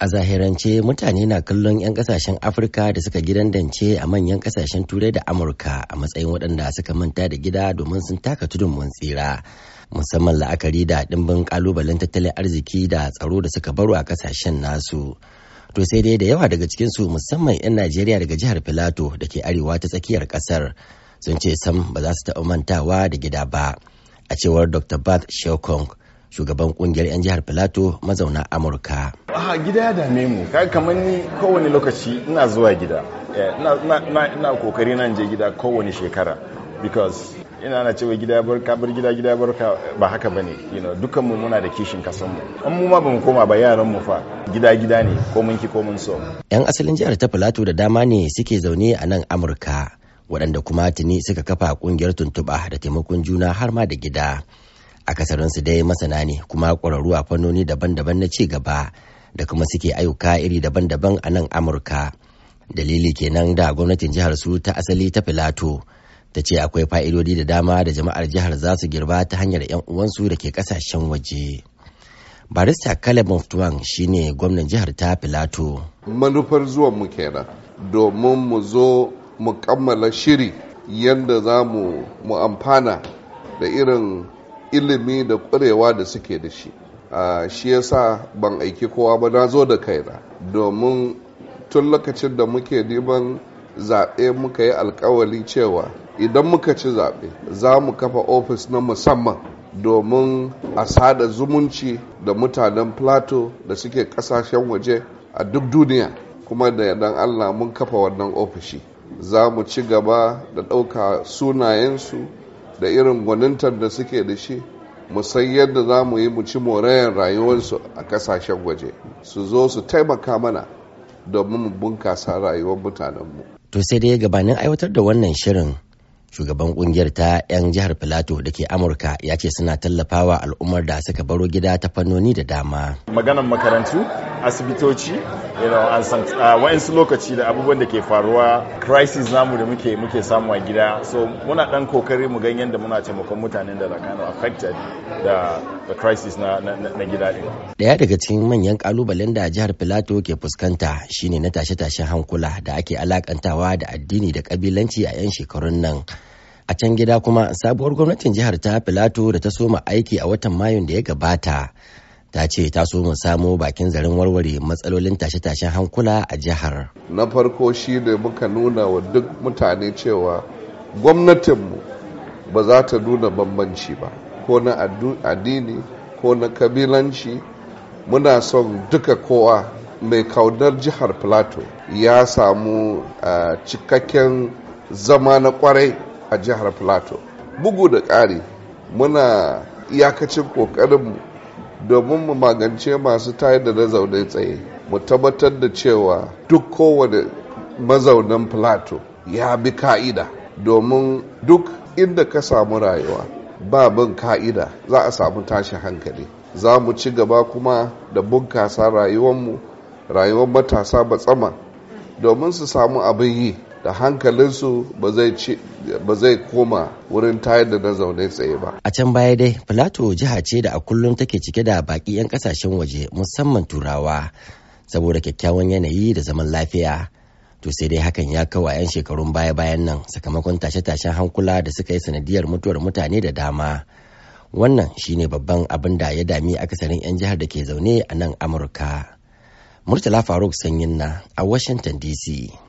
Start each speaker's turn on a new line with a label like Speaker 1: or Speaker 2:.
Speaker 1: a zahirance mutane na kallon 'yan kasashen afirka da suka gidandance a manyan kasashen turai da amurka a matsayin waɗanda suka manta da gida domin sun taka tudun mun tsira musamman la'akari da ɗimbin ƙalubalen tattalin arziki da tsaro da suka baro a kasashen nasu to sai dai da yawa daga cikinsu musamman 'yan najeriya daga jihar filato da ke arewa ta tsakiyar ƙasar sun ce sam ba za su taɓa mantawa da gida ba a cewar dr bath shekong shugaban kungiyar 'yan jihar Filato mazauna Amurka.
Speaker 2: A gida ya dame mu, kai kamar ni kowane lokaci ina zuwa gida. Eh, ina kokari nan je gida kowane shekara because ina na cewa gida bar kabar bar gida gida bar ka ba haka bane you know dukan mu muna da kishin kasan mu an mu ma bamu koma ba yaran mu fa gida gida ne ko mun ki ko mun so
Speaker 1: yan asalin jihar ta Filato da dama ne suke zaune a nan Amurka waɗanda kuma tuni suka kafa kungiyar tuntuɓa da taimakon juna har ma da gida A akasarinsu dai masana ne kuma ƙwararru a fannoni daban-daban na ci gaba da kuma suke ayyuka iri daban-daban a nan amurka dalili kenan da gwamnatin jihar su ta asali ta filato ta ce akwai fa'idodi da dama da jama'ar jihar za su girba ta hanyar 'yan uwansu da ke kasashen waje barista caleb muftuwan shine gwamnan jihar
Speaker 3: ta filato manufar zuwan mu kenan domin mu zo mu kammala shiri yadda za mu amfana da irin ilimi da ƙwarewa da suke da shi shi yasa ban aiki kowa ba na zo da kaina domin tun lokacin da muke neman zaɓe muka yi alkawali cewa idan muka ci zaɓe za mu kafa ofis na musamman domin a sada zumunci da mutanen plato da suke kasashen waje a duk duniya kuma da dan allah mun kafa wannan ofishi za mu ci gaba da ɗauka sunayensu da irin gwanintar da suke da shi mu san yadda za mu yi mu ci morayen rayuwarsu a kasashen waje su zo su taimaka mana domin mu bunkasa rayuwar mutanenmu.
Speaker 1: To sai dai gabanin aiwatar da wannan shirin shugaban kungiyar ta 'yan jihar Filato da ke Amurka ya ce suna tallafawa al'ummar da suka baro gida ta fannoni da dama.
Speaker 2: Maganan makarantu, asibitoci, you an san uh, wa'insu lokaci da abubuwan da ke faruwa crisis namu da muke muke samu a gida so muna dan kokari mu gan yadda muna taimakon mutanen da kind of affected da the crisis na gida din
Speaker 1: daya daga cikin manyan kalubalen da jihar Filato ke fuskanta shine na tashe-tashen hankula da ake alakantawa da addini da kabilanci a 'yan shekarun nan a can gida kuma sabuwar gwamnatin jihar ta Filato da ta soma aiki a watan mayun da ya gabata ta ce ta so mu samo bakin zarin warware matsalolin tashe-tashen hankula a jihar.
Speaker 3: Na farko shi ne muka nuna wa duk mutane cewa gwamnatinmu ba za ta nuna bambanci ba ko na addini ko na kabilanci muna son duka kowa mai kaunar jihar plateau ya samu cikakken zama na kwarai a jihar plateau bugu da ƙari muna iyakacin ƙoƙarinmu domin mu magance masu tayar da zaune tsaye mu tabbatar da cewa duk kowane mazaunan plato ya bi ka'ida domin duk inda ka samu rayuwa ba bin ka'ida za a samu tashi hankali za mu ci gaba kuma da bunkasa rayuwanmu rayuwar matasa ba tsama domin su samu abin yi da hankalinsu ba zai koma wurin tayar da na zaune tsaye ba.
Speaker 1: A can baya dai, Filato jiha ce da a kullum take cike da baƙi 'yan ƙasashen waje musamman turawa saboda kyakkyawan yanayi da zaman lafiya. To sai dai hakan ya kawo 'yan shekarun baya-bayan nan sakamakon tashe-tashen hankula da suka yi sanadiyar mutuwar mutane da dama. Wannan shine babban abin da ya dami akasarin 'yan jihar da ke zaune a nan Amurka. Murtala Faruk Sanyin na a Washington DC.